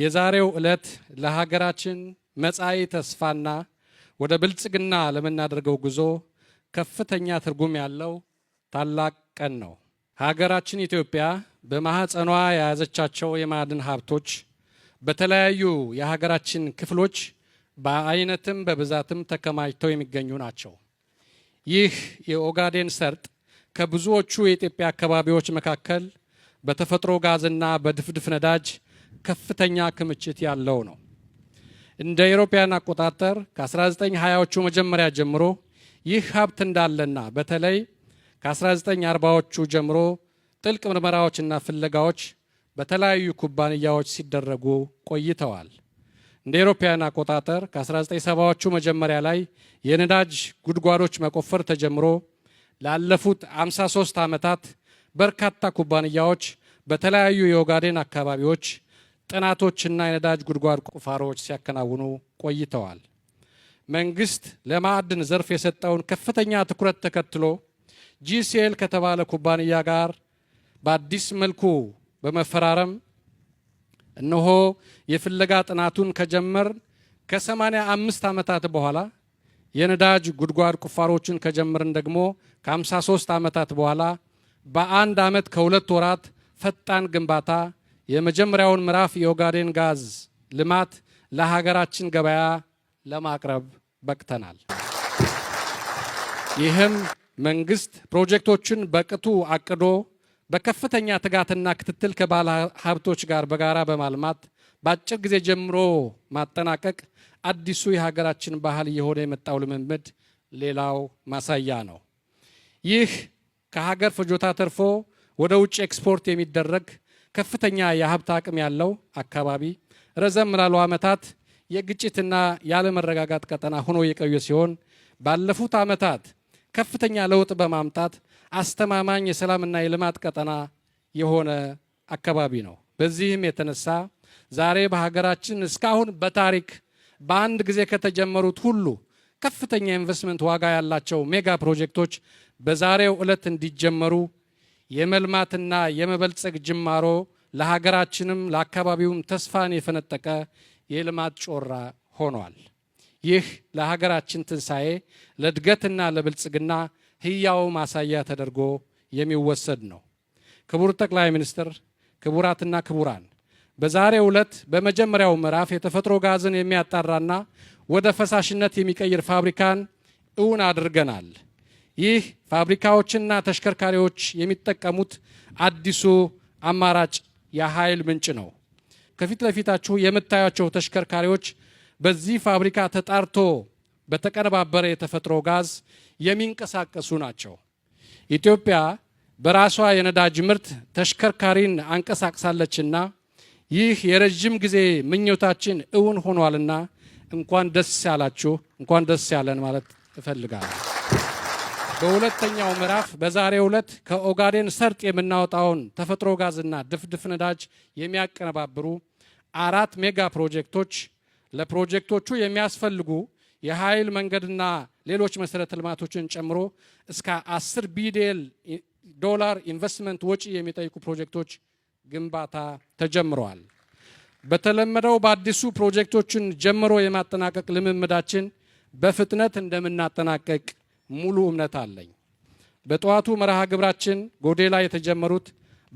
የዛሬው ዕለት ለሀገራችን መጻኢ ተስፋና ወደ ብልጽግና ለምናደርገው ጉዞ ከፍተኛ ትርጉም ያለው ታላቅ ቀን ነው። ሀገራችን ኢትዮጵያ በማኅፀኗ የያዘቻቸው የማዕድን ሀብቶች በተለያዩ የሀገራችን ክፍሎች በአይነትም በብዛትም ተከማችተው የሚገኙ ናቸው። ይህ የኦጋዴን ሰርጥ ከብዙዎቹ የኢትዮጵያ አካባቢዎች መካከል በተፈጥሮ ጋዝና በድፍድፍ ነዳጅ ከፍተኛ ክምችት ያለው ነው። እንደ ኢሮፓያን አቆጣጠር ከ1920ዎቹ መጀመሪያ ጀምሮ ይህ ሀብት እንዳለና በተለይ ከ1940ዎቹ ጀምሮ ጥልቅ ምርመራዎችና ፍለጋዎች በተለያዩ ኩባንያዎች ሲደረጉ ቆይተዋል። እንደ ኢሮፓያን አቆጣጠር ከ1970ዎቹ መጀመሪያ ላይ የነዳጅ ጉድጓዶች መቆፈር ተጀምሮ ላለፉት 53 ዓመታት በርካታ ኩባንያዎች በተለያዩ የኦጋዴን አካባቢዎች ጥናቶችና የነዳጅ ጉድጓድ ቁፋሮዎች ሲያከናውኑ ቆይተዋል። መንግስት ለማዕድን ዘርፍ የሰጠውን ከፍተኛ ትኩረት ተከትሎ ጂሲኤል ከተባለ ኩባንያ ጋር በአዲስ መልኩ በመፈራረም እነሆ የፍለጋ ጥናቱን ከጀመር ከ85 ዓመታት በኋላ የነዳጅ ጉድጓድ ቁፋሮችን ከጀመርን ደግሞ ከ53 ዓመታት በኋላ በአንድ ዓመት ከሁለት ወራት ፈጣን ግንባታ የመጀመሪያውን ምዕራፍ የኦጋዴን ጋዝ ልማት ለሀገራችን ገበያ ለማቅረብ በቅተናል። ይህም መንግስት ፕሮጀክቶችን በቅጡ አቅዶ በከፍተኛ ትጋትና ክትትል ከባለ ሀብቶች ጋር በጋራ በማልማት በአጭር ጊዜ ጀምሮ ማጠናቀቅ አዲሱ የሀገራችን ባህል እየሆነ የመጣው ልምምድ ሌላው ማሳያ ነው። ይህ ከሀገር ፍጆታ ተርፎ ወደ ውጭ ኤክስፖርት የሚደረግ ከፍተኛ የሀብት አቅም ያለው አካባቢ ረዘም ላሉ ዓመታት የግጭትና ያለመረጋጋት ቀጠና ሆኖ የቆየ ሲሆን ባለፉት ዓመታት ከፍተኛ ለውጥ በማምጣት አስተማማኝ የሰላምና የልማት ቀጠና የሆነ አካባቢ ነው። በዚህም የተነሳ ዛሬ በሀገራችን እስካሁን በታሪክ በአንድ ጊዜ ከተጀመሩት ሁሉ ከፍተኛ ኢንቨስትመንት ዋጋ ያላቸው ሜጋ ፕሮጀክቶች በዛሬው ዕለት እንዲጀመሩ የመልማትና የመበልጸግ ጅማሮ ለሀገራችንም ለአካባቢውም ተስፋን የፈነጠቀ የልማት ጮራ ሆኗል። ይህ ለሀገራችን ትንሣኤ ለእድገትና ለብልጽግና ህያው ማሳያ ተደርጎ የሚወሰድ ነው። ክቡር ጠቅላይ ሚኒስትር፣ ክቡራትና ክቡራን በዛሬው ዕለት በመጀመሪያው ምዕራፍ የተፈጥሮ ጋዝን የሚያጣራና ወደ ፈሳሽነት የሚቀይር ፋብሪካን እውን አድርገናል። ይህ ፋብሪካዎችና ተሽከርካሪዎች የሚጠቀሙት አዲሱ አማራጭ የኃይል ምንጭ ነው። ከፊት ለፊታችሁ የምታያቸው ተሽከርካሪዎች በዚህ ፋብሪካ ተጣርቶ በተቀነባበረ የተፈጥሮ ጋዝ የሚንቀሳቀሱ ናቸው። ኢትዮጵያ በራሷ የነዳጅ ምርት ተሽከርካሪን አንቀሳቅሳለችና ይህ የረዥም ጊዜ ምኞታችን እውን ሆኗልና እንኳን ደስ ያላችሁ፣ እንኳን ደስ ያለን ማለት እፈልጋለሁ። በሁለተኛው ምዕራፍ በዛሬው ዕለት ከኦጋዴን ሰርጥ የምናወጣውን ተፈጥሮ ጋዝና ድፍድፍ ነዳጅ የሚያቀነባብሩ አራት ሜጋ ፕሮጀክቶች፣ ለፕሮጀክቶቹ የሚያስፈልጉ የኃይል መንገድና ሌሎች መሰረተ ልማቶችን ጨምሮ እስከ 10 ቢሊዮን ዶላር ኢንቨስትመንት ወጪ የሚጠይቁ ፕሮጀክቶች ግንባታ ተጀምረዋል። በተለመደው በአዲሱ ፕሮጀክቶችን ጀምሮ የማጠናቀቅ ልምምዳችን በፍጥነት እንደምናጠናቀቅ ሙሉ እምነት አለኝ። በጠዋቱ መርሃ ግብራችን ጎዴ ላይ የተጀመሩት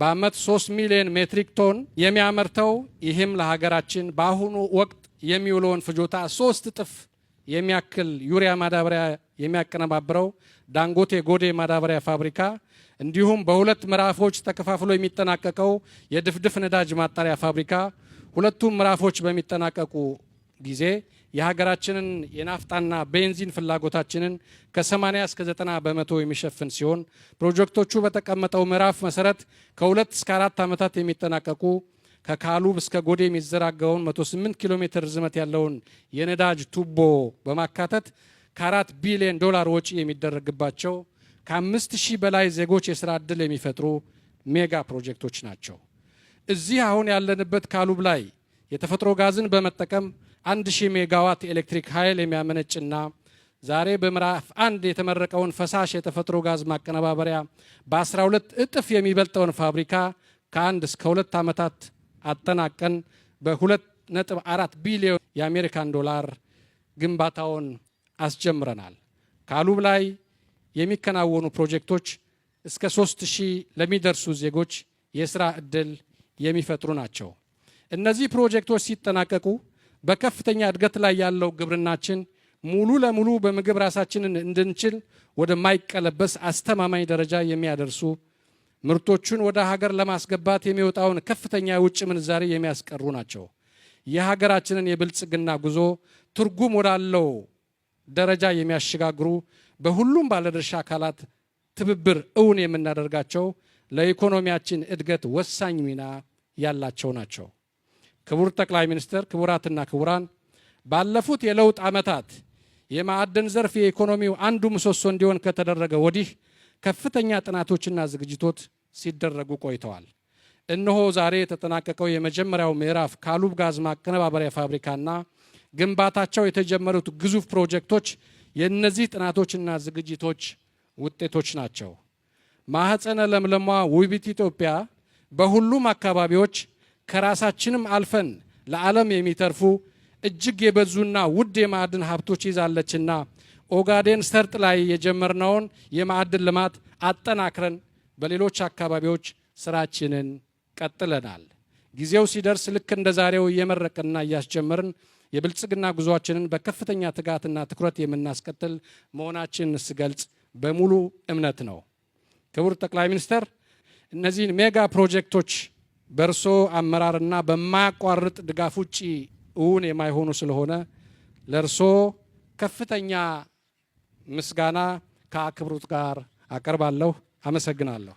በአመት 3 ሚሊዮን ሜትሪክ ቶን የሚያመርተው ይህም ለሀገራችን በአሁኑ ወቅት የሚውለውን ፍጆታ ሶስት እጥፍ የሚያክል ዩሪያ ማዳበሪያ የሚያቀነባብረው ዳንጎቴ ጎዴ ማዳበሪያ ፋብሪካ እንዲሁም በሁለት ምዕራፎች ተከፋፍሎ የሚጠናቀቀው የድፍድፍ ነዳጅ ማጣሪያ ፋብሪካ ሁለቱም ምዕራፎች በሚጠናቀቁ ጊዜ የሀገራችንን የናፍጣና ቤንዚን ፍላጎታችንን ከ80 እስከ 90 በመቶ የሚሸፍን ሲሆን ፕሮጀክቶቹ በተቀመጠው ምዕራፍ መሰረት ከሁለት እስከ አራት ዓመታት የሚጠናቀቁ ከካሉብ እስከ ጎዴ የሚዘራጋውን 108 ኪሎ ሜትር ርዝመት ያለውን የነዳጅ ቱቦ በማካተት ከአራት ቢሊዮን ዶላር ወጪ የሚደረግባቸው ከአምስት ሺህ በላይ ዜጎች የስራ ዕድል የሚፈጥሩ ሜጋ ፕሮጀክቶች ናቸው። እዚህ አሁን ያለንበት ካሉብ ላይ የተፈጥሮ ጋዝን በመጠቀም አንድ ሺህ ሜጋዋት የኤሌክትሪክ ኃይል የሚያመነጭና ዛሬ በምዕራፍ አንድ የተመረቀውን ፈሳሽ የተፈጥሮ ጋዝ ማቀነባበሪያ በ12 እጥፍ የሚበልጠውን ፋብሪካ ከአንድ እስከ ሁለት ዓመታት አጠናቀን በ2.4 ቢሊዮን የአሜሪካን ዶላር ግንባታውን አስጀምረናል። ካሉብ ላይ የሚከናወኑ ፕሮጀክቶች እስከ 3000 ለሚደርሱ ዜጎች የስራ ዕድል የሚፈጥሩ ናቸው። እነዚህ ፕሮጀክቶች ሲጠናቀቁ በከፍተኛ እድገት ላይ ያለው ግብርናችን ሙሉ ለሙሉ በምግብ ራሳችንን እንድንችል ወደማይቀለበስ አስተማማኝ ደረጃ የሚያደርሱ ምርቶቹን ወደ ሀገር ለማስገባት የሚወጣውን ከፍተኛ የውጭ ምንዛሬ የሚያስቀሩ ናቸው። የሀገራችንን የብልጽግና ጉዞ ትርጉም ወዳለው ደረጃ የሚያሸጋግሩ በሁሉም ባለድርሻ አካላት ትብብር እውን የምናደርጋቸው ለኢኮኖሚያችን እድገት ወሳኝ ሚና ያላቸው ናቸው። ክቡር ጠቅላይ ሚኒስትር፣ ክቡራትና ክቡራን፣ ባለፉት የለውጥ ዓመታት የማዕድን ዘርፍ የኢኮኖሚው አንዱ ምሰሶ እንዲሆን ከተደረገ ወዲህ ከፍተኛ ጥናቶችና ዝግጅቶች ሲደረጉ ቆይተዋል። እነሆ ዛሬ የተጠናቀቀው የመጀመሪያው ምዕራፍ ካሉብ ጋዝ ማቀነባበሪያ ፋብሪካና ግንባታቸው የተጀመሩት ግዙፍ ፕሮጀክቶች የእነዚህ ጥናቶችና ዝግጅቶች ውጤቶች ናቸው። ማህፀነ ለምለሟ ውቢት ኢትዮጵያ በሁሉም አካባቢዎች ከራሳችንም አልፈን ለዓለም የሚተርፉ እጅግ የበዙና ውድ የማዕድን ሀብቶች ይዛለችና ኦጋዴን ሰርጥ ላይ የጀመርነውን የማዕድን ልማት አጠናክረን በሌሎች አካባቢዎች ስራችንን ቀጥለናል። ጊዜው ሲደርስ ልክ እንደ ዛሬው እየመረቅና እያስጀመርን የብልጽግና ጉዟችንን በከፍተኛ ትጋትና ትኩረት የምናስቀጥል መሆናችን ስገልጽ በሙሉ እምነት ነው። ክቡር ጠቅላይ ሚኒስትር እነዚህን ሜጋ ፕሮጀክቶች በእርሶ አመራርና በማያቋርጥ ድጋፍ ውጪ እውን የማይሆኑ ስለሆነ ለእርሶ ከፍተኛ ምስጋና ከአክብሮት ጋር አቀርባለሁ። አመሰግናለሁ።